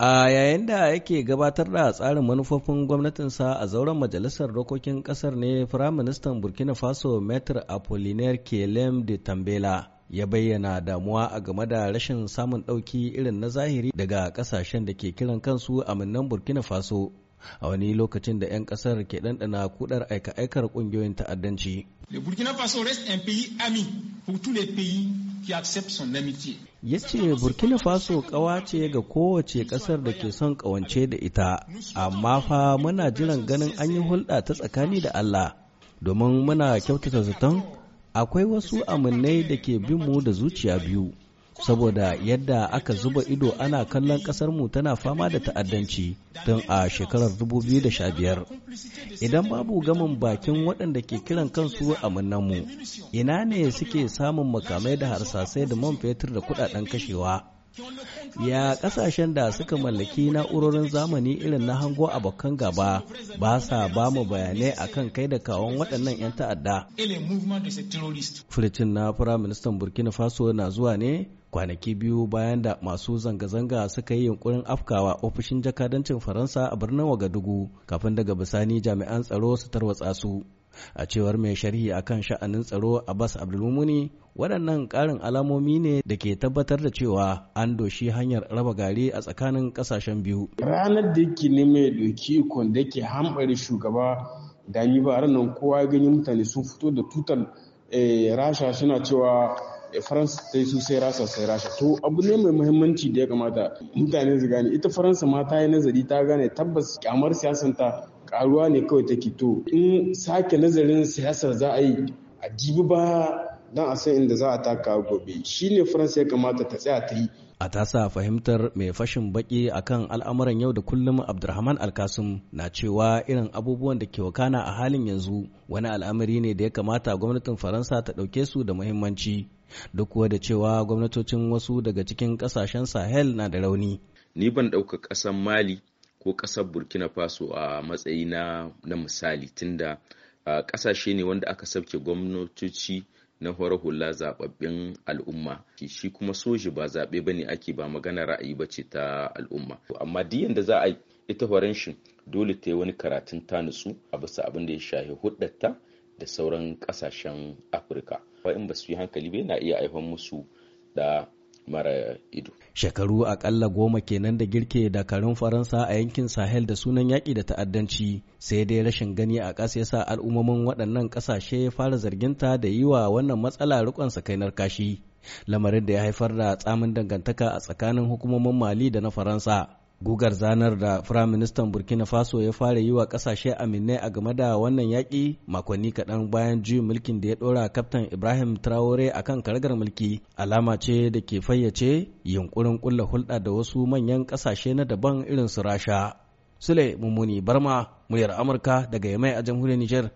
a yayin da yake gabatar da tsarin manufofin gwamnatinsa a zauren majalisar dokokin kasar ne firaministan burkina faso metr apollinaire kelem de tambela ya bayyana damuwa a game da rashin samun ɗauki irin na zahiri daga ƙasashen da ke kiran kansu a minnan burkina faso a wani lokacin da 'yan ƙasar ke ɗanɗana kudar aika-aikar ƙungiyoyin ta'addanci. Le Burkina Faso reste un pays ami pour tous les pays ya ce burkina faso kawa ce ga kowace ƙasar da ke son ƙawance da ita amma fa muna jiran ganin an yi hulɗa ta tsakani da allah domin muna kyautata zaton akwai wasu amannai da ke bin mu da zuciya biyu saboda yadda aka zuba ido ana kallon ƙasarmu tana fama da ta'addanci tun a shekarar 2015 idan babu gaman bakin waɗanda ke kiran kansu a mu ina ne suke samun makamai da harsasai da man fetur da kudaden kashewa ya kasashen da suka mallaki na'urorin zamani irin na hango abokan gaba ba sa ba mu bayanai a kan kai da kawon waɗannan 'yan ta'adda furicin na firaministan burkina faso na zuwa ne kwanaki biyu bayan da masu zanga-zanga suka yi yunkurin afkawa ofishin jakadancin faransa a birnin wagadugu kafin daga bisani jami'an tsaro su tarwatsa su a cewar mai sharhi akan sha'anin tsaro abbas abdulmumuni waɗannan ƙarin alamomi ne da ke tabbatar da cewa an doshi hanyar raba gari a tsakanin ƙasashen biyu ranar da yake ne mai doki ikon da ke hambari shugaba da ni ba ranar kowa gani mutane sun fito da tutar eh, rasha suna cewa eh, faransa ta yi su sai rasa sai rasha to abu ne mai muhimmanci da ya kamata mutane su gane ita faransa ma ta yi nazari ta gane tabbas kyamar siyasanta karuwa ne kawai ta Kito. in sake nazarin siyasar za a yi a jibi ba don a san inda za a taka gobe Shi ne faransa ya kamata ta tsaya ta yi a tasa fahimtar mai fashin baki akan al'amuran yau da kullum abdulrahman alkasum na cewa irin abubuwan da ke wakana a halin yanzu wani al'amari ne da ya kamata gwamnatin faransa ta ɗauke su da muhimmanci duk kuwa da cewa gwamnatocin wasu daga cikin ƙasashen sahel na da rauni ni ban ɗauka ƙasan mali ko ƙasar burkina faso a matsayi na, misali tunda ƙasashe ne wanda aka sabke gwamnatoci na horar hula zababbin al'umma shi kuma soji ba zaɓe ba ne ake ba magana ra'ayi ba ce ta al'umma amma diyan da za a ita horen shi dole ta yi wani karatun ta nutsu a bisa abin da ya shahi hudatta da sauran ƙasashen afirka wain ba su yi hankali ba na iya haifar musu da mara ido. Shekaru akalla goma kenan da girke dakarun Faransa a yankin Sahel da sunan yaƙi da ta'addanci sai dai rashin gani a ƙasa ya sa al'ummomin waɗannan ƙasashe ya fara zarginta da yi wa wannan matsala rikon sa kainar kashi. Lamarin da ya haifar da tsamin dangantaka a tsakanin hukumomin Mali da na Faransa. gugar zanar da firaministan burkina faso ya fara yi wa kasashe aminai a game da wannan yaƙi makonni kaɗan bayan juyin mulkin da ya ɗora kaftan ibrahim traore a kan karagar mulki alama ce da ke fayyace yunkurin ƙulla hulɗa da wasu manyan ƙasashe na daban irin su rasha sule mummuni barma muryar amurka daga yamai a jamhuriyar Nijar.